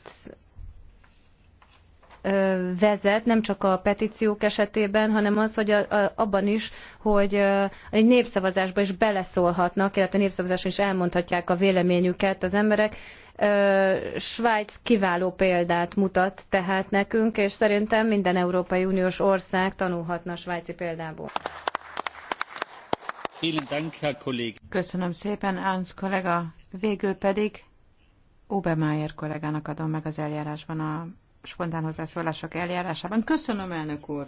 vezet, nem csak a petíciók esetében, hanem az, hogy a, a, abban is, hogy a, egy népszavazásba is beleszólhatnak, illetve népszavazáson is elmondhatják a véleményüket az emberek. Svájc kiváló példát mutat tehát nekünk, és szerintem minden Európai Uniós ország tanulhatna a svájci példából. Köszönöm szépen, Ánc kollega. Végül pedig Obermeier kollégának adom meg az eljárásban a spontán hozzászólások eljárásában. Köszönöm, elnök úr!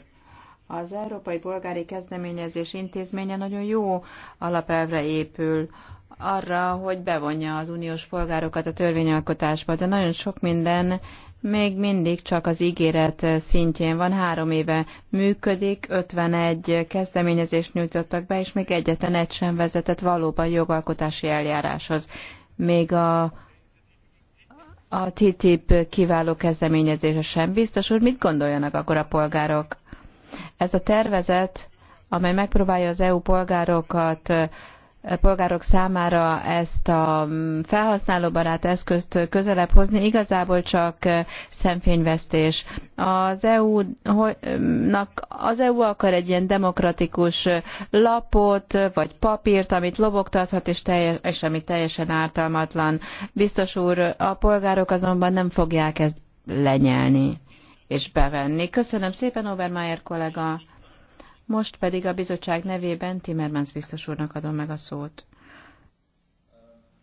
Az Európai Polgári Kezdeményezés Intézménye nagyon jó alapelvre épül arra, hogy bevonja az uniós polgárokat a törvényalkotásba, de nagyon sok minden még mindig csak az ígéret szintjén van, három éve működik, 51 kezdeményezést nyújtottak be, és még egyetlen egy sem vezetett valóban jogalkotási eljáráshoz. Még a a TTIP kiváló kezdeményezése sem. Biztos úr, mit gondoljanak akkor a polgárok? Ez a tervezet, amely megpróbálja az EU polgárokat polgárok számára ezt a mm, felhasználóbarát eszközt közelebb hozni, igazából csak szemfényvesztés. Az eu mm, az EU akar egy ilyen demokratikus lapot, vagy papírt, amit lobogtathat, és, teljes, és ami teljesen ártalmatlan. Biztos úr, a polgárok azonban nem fogják ezt lenyelni és bevenni. Köszönöm szépen, Obermeier kollega. Most pedig a bizottság nevében Timmermans biztos úrnak adom meg a szót.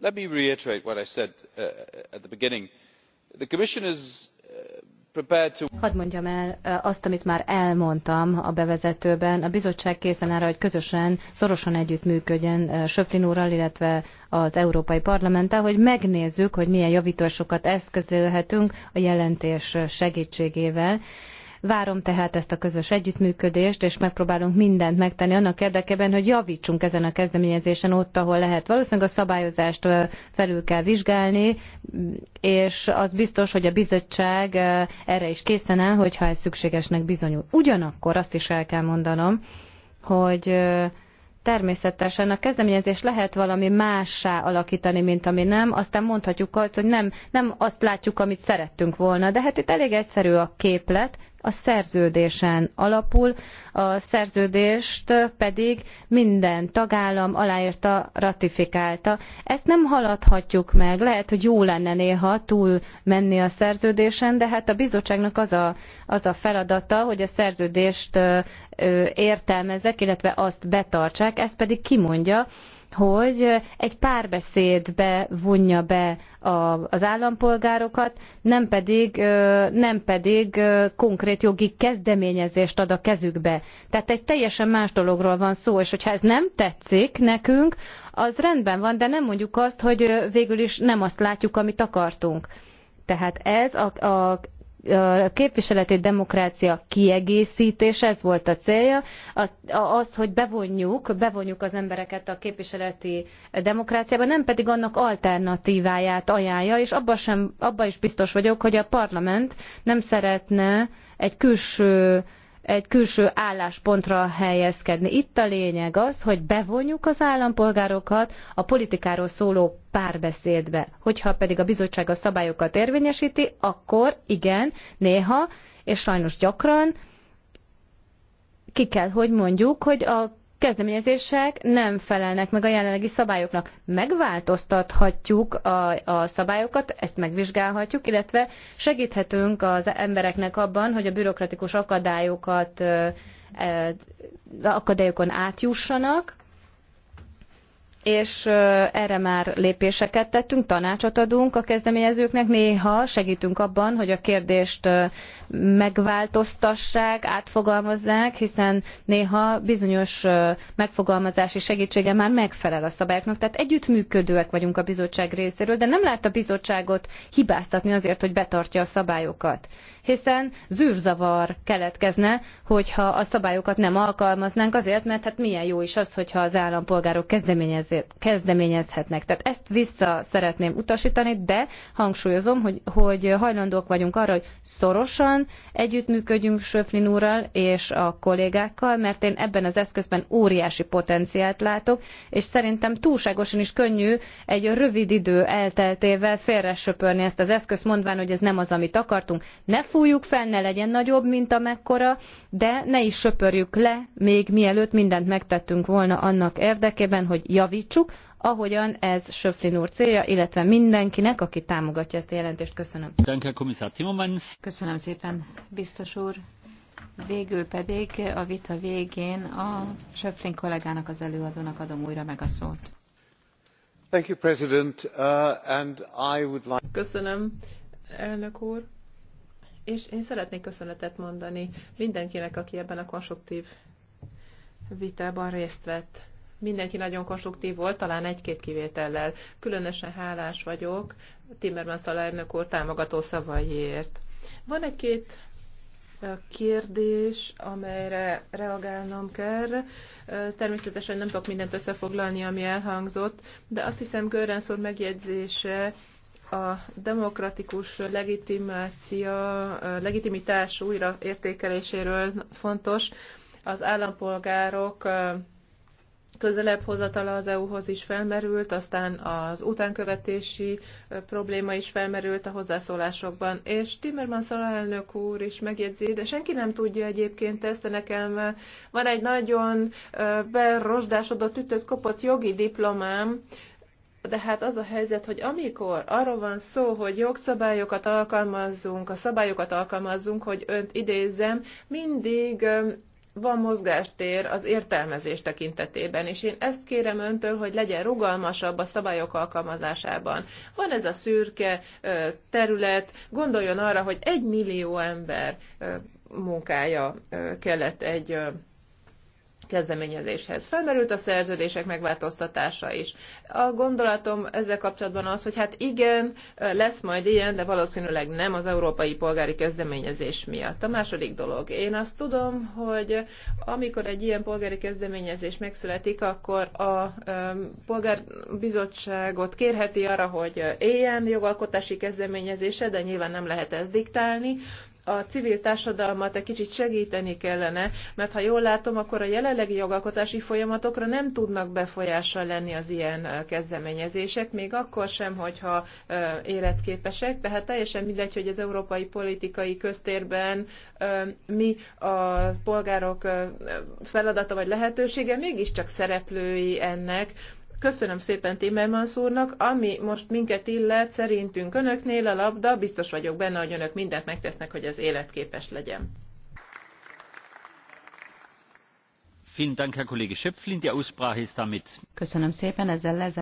Let me reiterate what I said uh, at the beginning. The Commission is uh, Hadd mondjam el uh, azt, amit már elmondtam a bevezetőben. A bizottság készen arra, hogy közösen, szorosan együttműködjön uh, Söflin úrral, illetve az Európai Parlamenttel, hogy megnézzük, hogy milyen javításokat eszközölhetünk a jelentés segítségével. Várom tehát ezt a közös együttműködést, és megpróbálunk mindent megtenni annak érdekében, hogy javítsunk ezen a kezdeményezésen ott, ahol lehet. Valószínűleg a szabályozást felül kell vizsgálni, és az biztos, hogy a bizottság erre is készen áll, hogyha ez szükségesnek bizonyul. Ugyanakkor azt is el kell mondanom, hogy természetesen a kezdeményezés lehet valami mássá alakítani, mint ami nem, aztán mondhatjuk azt, hogy nem, nem azt látjuk, amit szerettünk volna, de hát itt elég egyszerű a képlet, a szerződésen alapul, a szerződést pedig minden tagállam aláírta, ratifikálta. Ezt nem haladhatjuk meg, lehet, hogy jó lenne néha túl menni a szerződésen, de hát a bizottságnak az a, az a feladata, hogy a szerződést értelmezzek, illetve azt betartsák, ezt pedig kimondja, hogy egy párbeszédbe vonja be a, az állampolgárokat, nem pedig, nem pedig konkrét jogi kezdeményezést ad a kezükbe. Tehát egy teljesen más dologról van szó, és hogyha ez nem tetszik nekünk, az rendben van, de nem mondjuk azt, hogy végül is nem azt látjuk, amit akartunk. Tehát ez a, a a képviseleti demokrácia kiegészítése, ez volt a célja, az, hogy bevonjuk, bevonjuk az embereket a képviseleti demokráciába, nem pedig annak alternatíváját ajánlja, és abban sem, abba is biztos vagyok, hogy a parlament nem szeretne egy külső egy külső álláspontra helyezkedni. Itt a lényeg az, hogy bevonjuk az állampolgárokat a politikáról szóló párbeszédbe. Hogyha pedig a bizottság a szabályokat érvényesíti, akkor igen, néha, és sajnos gyakran, ki kell, hogy mondjuk, hogy a kezdeményezések nem felelnek meg a jelenlegi szabályoknak. Megváltoztathatjuk a, a szabályokat, ezt megvizsgálhatjuk, illetve segíthetünk az embereknek abban, hogy a bürokratikus akadályokat akadályokon átjussanak, és erre már lépéseket tettünk, tanácsot adunk a kezdeményezőknek, néha segítünk abban, hogy a kérdést megváltoztassák, átfogalmazzák, hiszen néha bizonyos megfogalmazási segítsége már megfelel a szabályoknak. Tehát együttműködőek vagyunk a bizottság részéről, de nem lehet a bizottságot hibáztatni azért, hogy betartja a szabályokat. Hiszen zűrzavar keletkezne, hogyha a szabályokat nem alkalmaznánk azért, mert hát milyen jó is az, hogyha az állampolgárok kezdeményezhetnek. Tehát ezt vissza szeretném utasítani, de hangsúlyozom, hogy, hogy hajlandók vagyunk arra, hogy szorosan együttműködjünk Söflin úrral és a kollégákkal, mert én ebben az eszközben óriási potenciált látok, és szerintem túlságosan is könnyű egy rövid idő elteltével félresöpörni ezt az eszközt, mondván, hogy ez nem az, amit akartunk. Ne fújjuk fel, ne legyen nagyobb, mint amekkora, de ne is söpörjük le, még mielőtt mindent megtettünk volna annak érdekében, hogy javítsuk, ahogyan ez Söflin úr célja, illetve mindenkinek, aki támogatja ezt a jelentést. Köszönöm. Köszönöm szépen, biztos úr. Végül pedig a vita végén a Söflin kollégának, az előadónak adom újra meg a szót. Thank you, President, uh, and I would like... Köszönöm, elnök úr. És én szeretnék köszönetet mondani mindenkinek, aki ebben a konstruktív vitában részt vett mindenki nagyon konstruktív volt, talán egy-két kivétellel. Különösen hálás vagyok Timmermans alelnök úr támogató szavaiért. Van egy-két kérdés, amelyre reagálnom kell. Természetesen nem tudok mindent összefoglalni, ami elhangzott, de azt hiszem Görrensz úr megjegyzése a demokratikus legitimácia, legitimitás újraértékeléséről fontos. Az állampolgárok közelebb hozatala az EU-hoz is felmerült, aztán az utánkövetési probléma is felmerült a hozzászólásokban. És Timmermans alelnök úr is megjegyzi, de senki nem tudja egyébként ezt, de nekem van egy nagyon berosdásodott, ütött, kopott jogi diplomám, de hát az a helyzet, hogy amikor arról van szó, hogy jogszabályokat alkalmazzunk, a szabályokat alkalmazzunk, hogy önt idézzem, mindig van mozgástér az értelmezés tekintetében, és én ezt kérem öntől, hogy legyen rugalmasabb a szabályok alkalmazásában. Van ez a szürke terület, gondoljon arra, hogy egy millió ember munkája kellett egy kezdeményezéshez. Felmerült a szerződések megváltoztatása is. A gondolatom ezzel kapcsolatban az, hogy hát igen, lesz majd ilyen, de valószínűleg nem az európai polgári kezdeményezés miatt. A második dolog. Én azt tudom, hogy amikor egy ilyen polgári kezdeményezés megszületik, akkor a polgárbizottságot kérheti arra, hogy éljen jogalkotási kezdeményezése, de nyilván nem lehet ezt diktálni, a civil társadalmat egy kicsit segíteni kellene, mert ha jól látom, akkor a jelenlegi jogalkotási folyamatokra nem tudnak befolyással lenni az ilyen kezdeményezések, még akkor sem, hogyha életképesek, tehát teljesen mindegy, hogy az európai politikai köztérben mi a polgárok feladata vagy lehetősége, mégiscsak szereplői ennek, Köszönöm szépen Timmermans úrnak, ami most minket illet, szerintünk önöknél a labda, biztos vagyok benne, hogy önök mindent megtesznek, hogy az életképes legyen. Köszönöm szépen, ezzel lezárjuk.